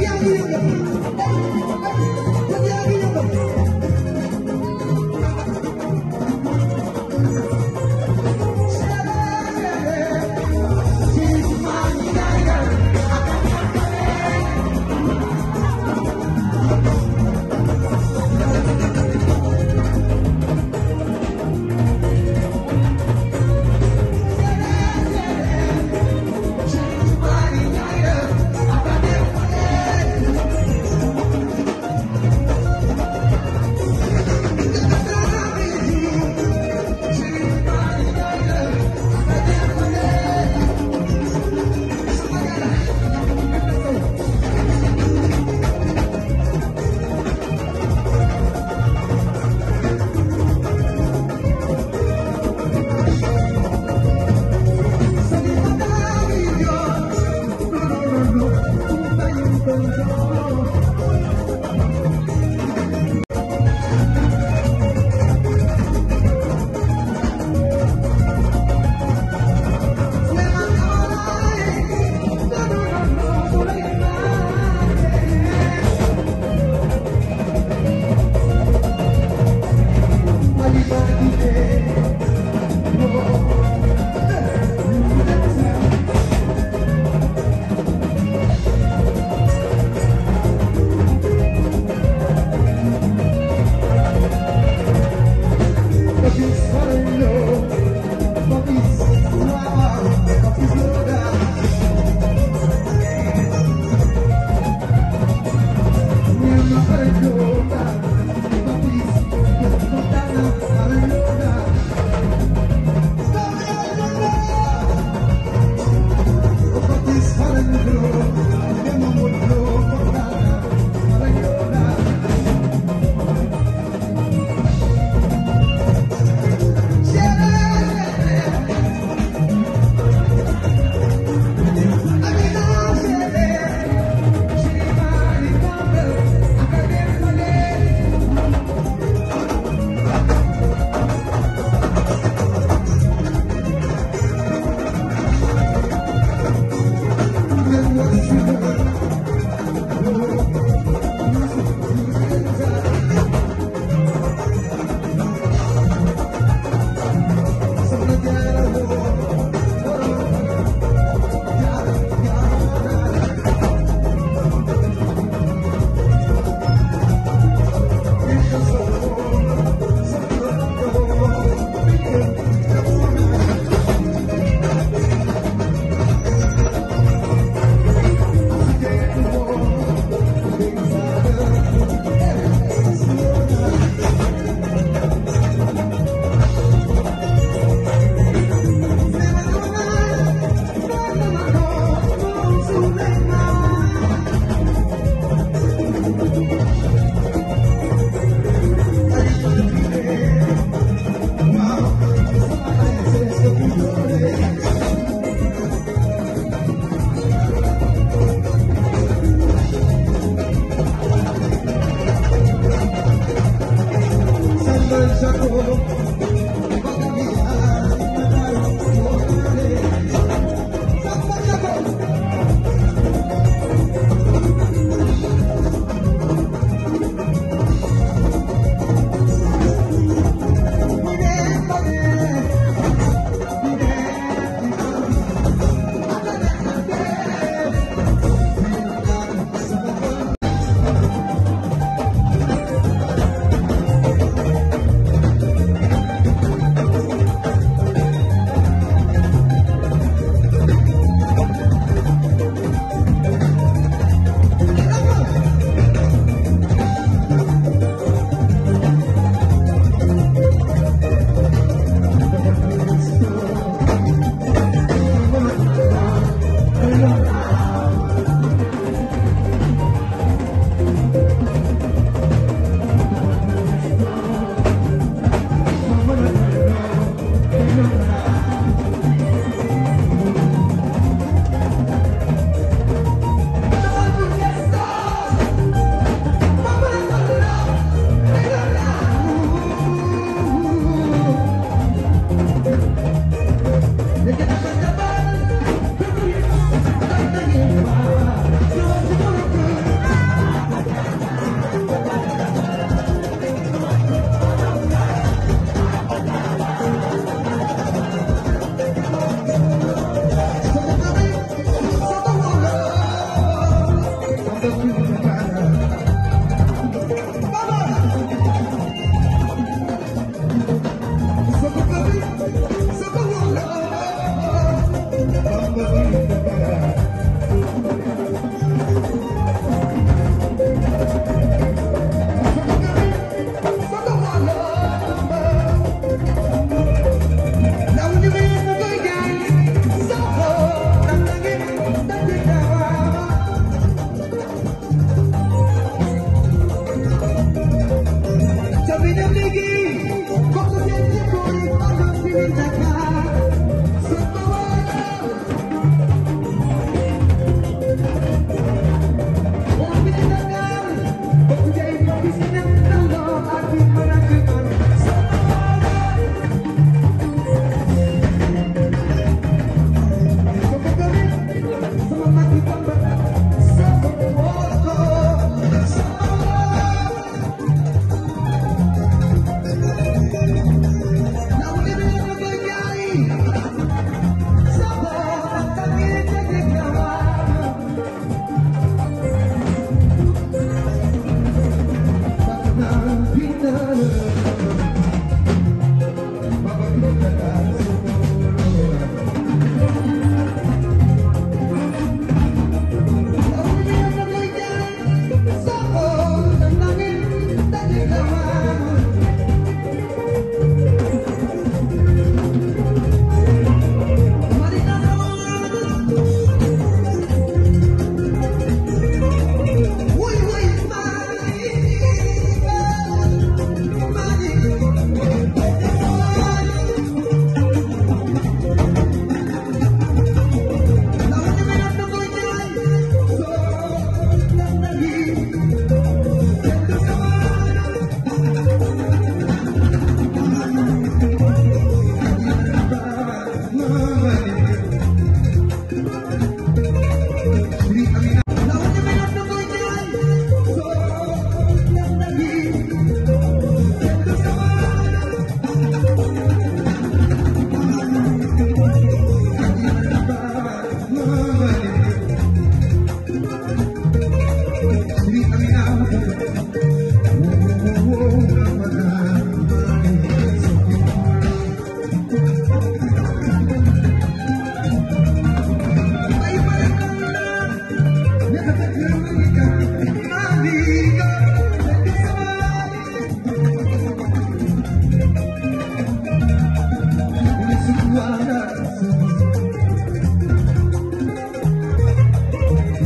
Yeah, yeah, yeah. Thank you.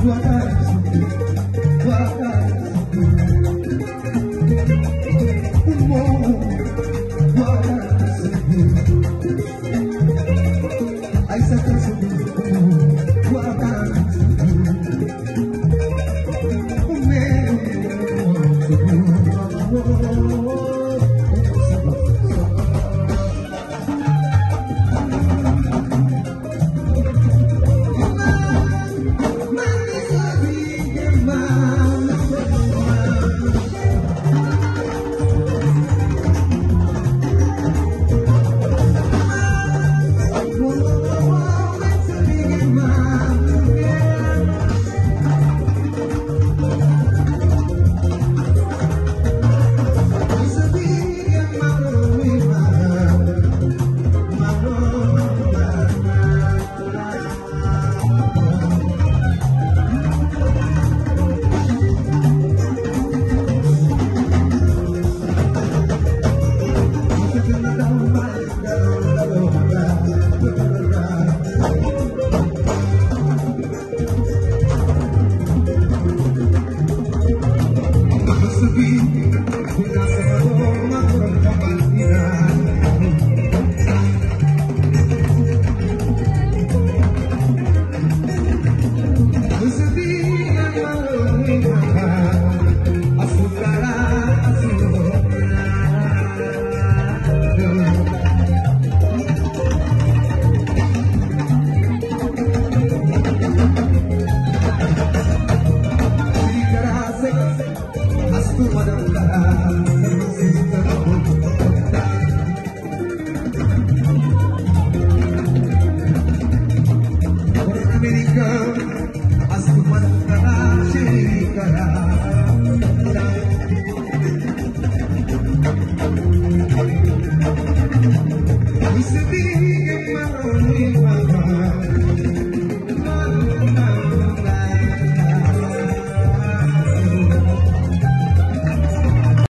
Placar. go.